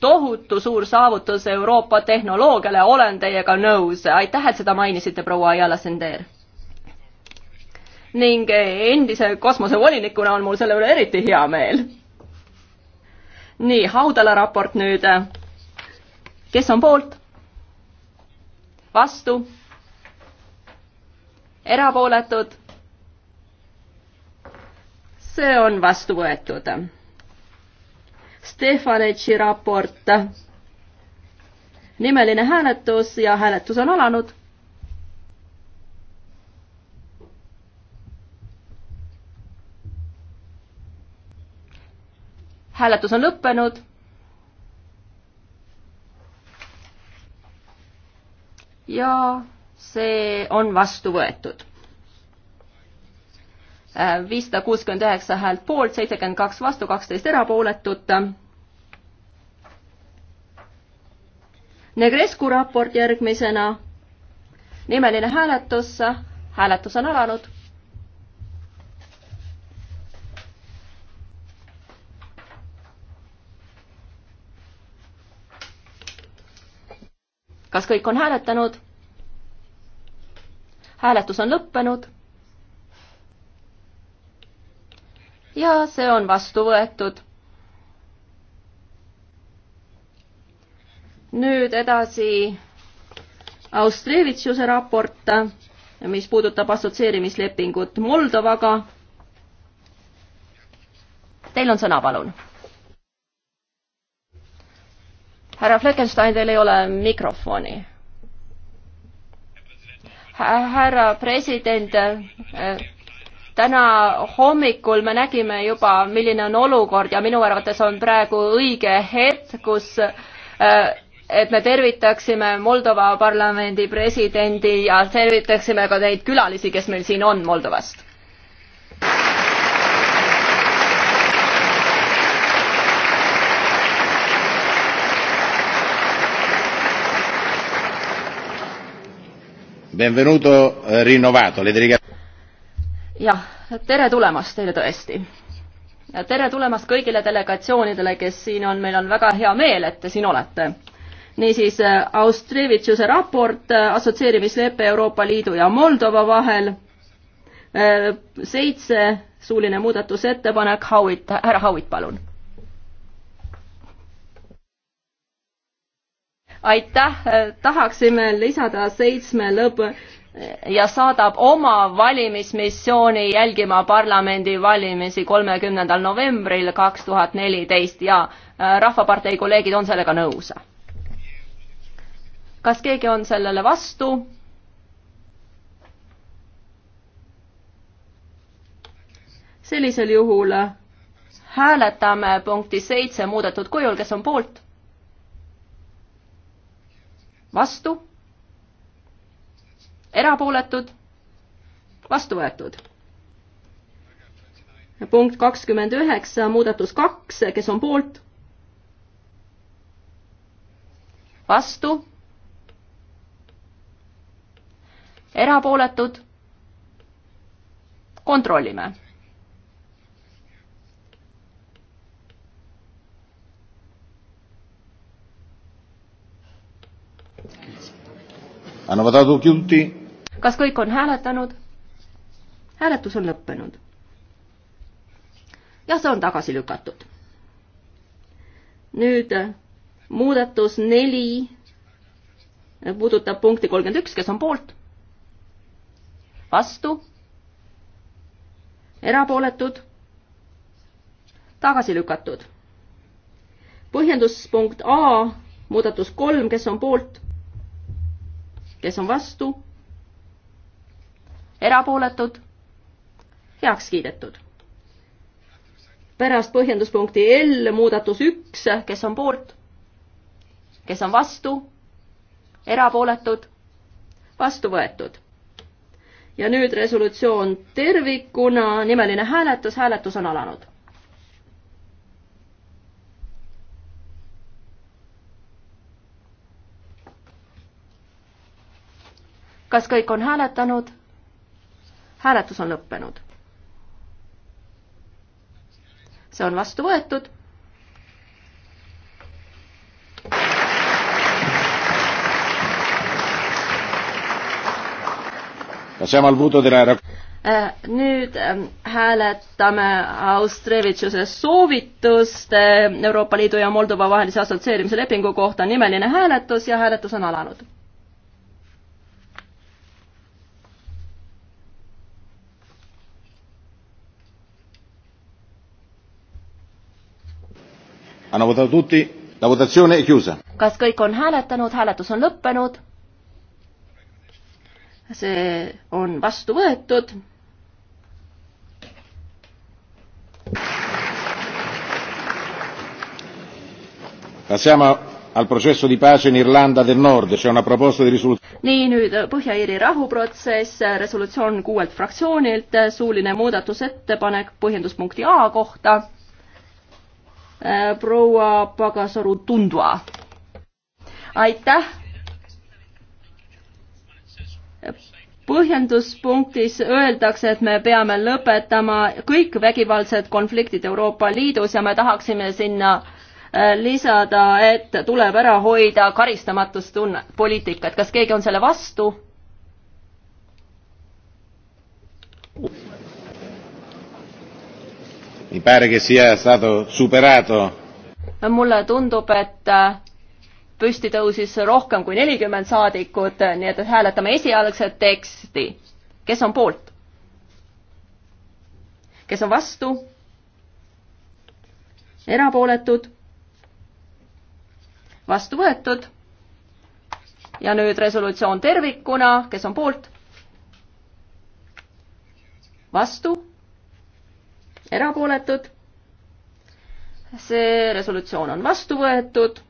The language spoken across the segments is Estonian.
tohutu suur saavutus Euroopa tehnoloogiale, olen teiega nõus. aitäh, et seda mainisite, proua Ayala Sender. ning endise kosmosevolinikuna on mul selle üle eriti hea meel. nii, Haudala raport nüüd. kes on poolt? vastu? erapooletud? see on vastu võetud Stefanitši raport. nimeline hääletus ja hääletus on alanud. hääletus on lõppenud. ja see on vastu võetud äh, viissada kuuskümmend üheksa häält poolt, seitsekümmend kaks vastu, kaksteist erapooletut. Negrescu raport järgmisena, nimeline hääletus, hääletus on alanud. kas kõik on hääletanud? hääletus on lõppenud. ja see on vastu võetud nüüd edasi Austrevitsuse raport, mis puudutab assotsieerimislepingut Moldovaga. Teil on sõna, palun. härra Fleckenstein, teil ei ole mikrofoni. härra president täna hommikul me nägime juba, milline on olukord ja minu arvates on praegu õige hetk, kus äh, et me tervitaksime Moldova parlamendi presidendi ja tervitaksime ka neid külalisi, kes meil siin on Moldovast. Benvenuto eh, rinnovato, le delega-. jah, tere tulemast teile tõesti tere tulemast kõigile delegatsioonidele, kes siin on, meil on väga hea meel, et te siin olete niisiis äh, Austrevitsuse raport äh, assotsieerimislepe Euroopa Liidu ja Moldova vahel, äh, seitse suuline muudatusettepanek, Howitt, härra Howitt, palun. aitäh, tahaksime lisada seitsme lõpu ja saadab oma valimismissiooni jälgima parlamendivalimisi kolmekümnendal novembril kaks tuhat neliteist ja Rahvapartei kolleegid on sellega nõus kas keegi on sellele vastu? sellisel juhul hääletame punkti seitse muudetud kujul, kes on poolt? vastu? erapooletud? vastu võetud. punkt kakskümmend üheksa, muudatus kaks, kes on poolt? vastu? erapooletud, kontrollime. kas kõik on hääletanud? hääletus on lõppenud. jah, see on tagasi lükatud. nüüd äh, muudatus neli äh, puudutab punkti kolmkümmend üks, kes on poolt vastu, erapooletud, tagasi lükatud. põhjenduspunkt A, muudatus kolm, kes on poolt, kes on vastu, erapooletud, heaks kiidetud. pärast põhjenduspunkti L muudatus üks, kes on poolt, kes on vastu, erapooletud, vastu võetud ja nüüd resolutsioon tervikuna, nimeline hääletus, hääletus on alanud. kas kõik on hääletanud? hääletus on lõppenud. see on vastu võetud Eh, nüüd ehm, hääletame Austrevitšuse soovitust ehm, Euroopa Liidu ja Moldova vahelise assotsieerimise lepingu kohta nimeline hääletus ja hääletus on alanud. kas kõik on hääletanud, hääletus on lõppenud? see on vastu võetud. Passiamo al processo di pace in Irlanda del Nord, c'è una proposta di risoluzione. nii, nüüd Põhja-Iiri rahuprotsess, resolutsioon kuuelt fraktsioonilt, suuline muudatusettepanek põhjenduspunkti A kohta. proua Pagasaru Tundva. aitäh põhjenduspunktis öeldakse, et me peame lõpetama kõik vägivaldsed konfliktid Euroopa Liidus ja me tahaksime sinna äh, lisada, et tuleb ära hoida karistamatustunne, poliitikat. kas keegi on selle vastu? mi pare che sia stato superato. mulle tundub, et äh, püsti tõusis rohkem kui nelikümmend saadikut, nii et hääletame esialgset teksti. kes on poolt? kes on vastu? erapooletud? vastu võetud. ja nüüd resolutsioon tervikuna, kes on poolt? vastu? erapooletud? see resolutsioon on vastu võetud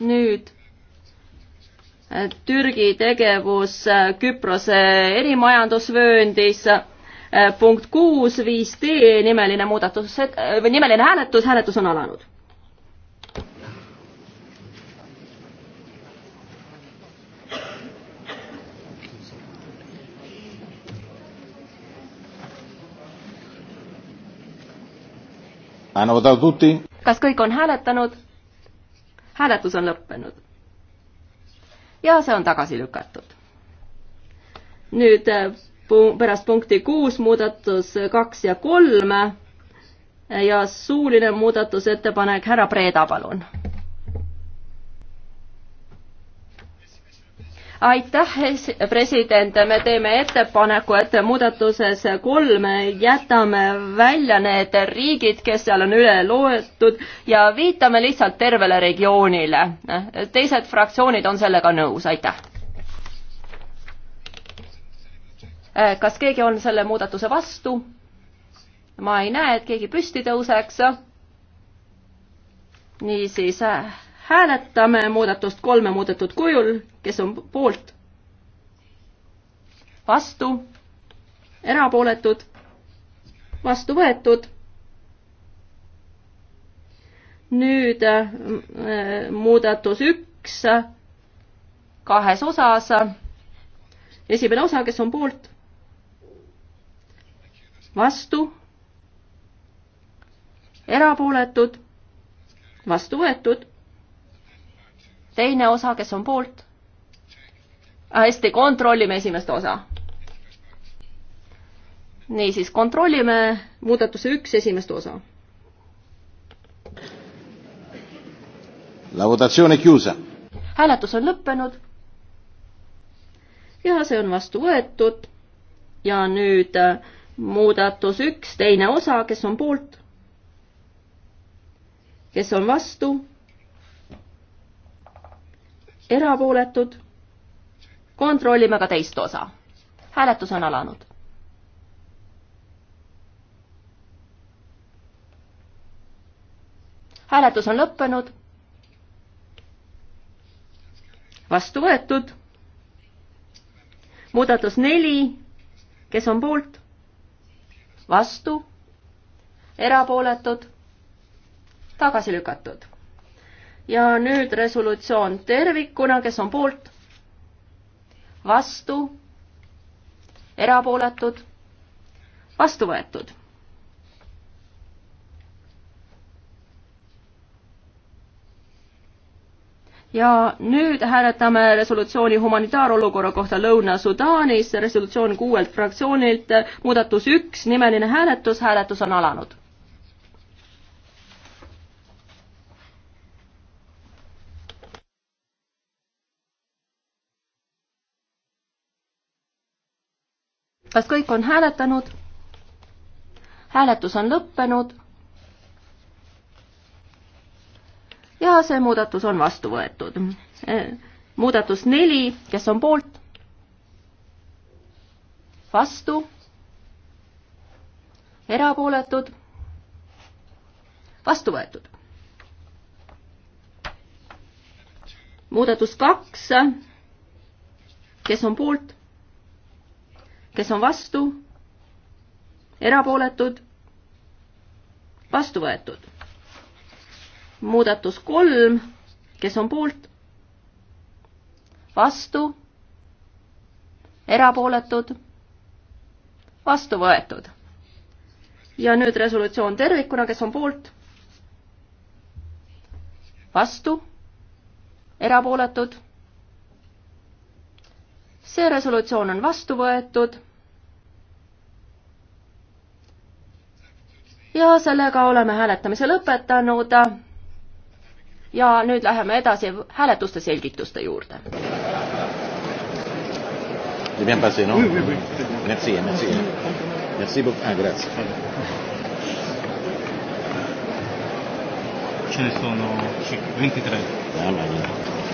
nüüd Türgi tegevus äh, Küprose erimajandusvööndis, äh, punkt kuus, viis D, nimeline muudatus, äh, või nimeline hääletus, hääletus on alanud. kas kõik on hääletanud? hääletus on lõppenud. ja see on tagasi lükatud. nüüd äh, pärast punkti kuus muudatus kaks ja kolm ja suuline muudatusettepanek, härra Preeda, palun aitäh, president, me teeme ettepaneku, et muudatuses kolm jätame välja need riigid, kes seal on üle loetud ja viitame lihtsalt tervele regioonile. teised fraktsioonid on sellega nõus, aitäh. kas keegi on selle muudatuse vastu? ma ei näe, et keegi püsti tõuseks. niisiis hääletame muudatust kolme muudetud kujul, kes on poolt, vastu, erapooletud, vastu võetud. nüüd äh, muudatus üks kahes osas. esimene osa, kes on poolt, vastu, erapooletud, vastu võetud teine osa, kes on poolt? Ah, hästi, kontrollime esimest osa. niisiis, kontrollime muudatuse üks esimest osa. hääletus on lõppenud. ja see on vastu võetud. ja nüüd äh, muudatus üks, teine osa, kes on poolt? kes on vastu? erapooletud. kontrollime ka teist osa. hääletus on alanud. hääletus on lõppenud. vastu võetud. muudatus neli, kes on poolt? vastu, erapooletud, tagasi lükatud ja nüüd resolutsioon tervikuna, kes on poolt, vastu, erapooletud, vastu võetud. ja nüüd hääletame resolutsiooni humanitaarolukorra kohta Lõuna-Sudaanis, resolutsioon kuuelt fraktsioonilt, muudatus üks, nimeline hääletus, hääletus on alanud kas kõik on hääletanud? hääletus on lõppenud. ja see muudatus on vastu võetud. E, muudatus neli, kes on poolt? vastu? erapooletud? vastu võetud. muudatus kaks, kes on poolt? kes on vastu, erapooletud, vastu võetud. muudatus kolm, kes on poolt, vastu, erapooletud, vastu võetud. ja nüüd resolutsioon tervikuna, kes on poolt, vastu, erapooletud see resolutsioon on vastu võetud ja sellega oleme hääletamise lõpetanud. ja nüüd läheme edasi hääletuste selgituste juurde. Bien passé, non oui, oui, oui. Merci, merci. Merci beaucoup. Ah, grazie. Ce ne sono 23. Ah, ma mia.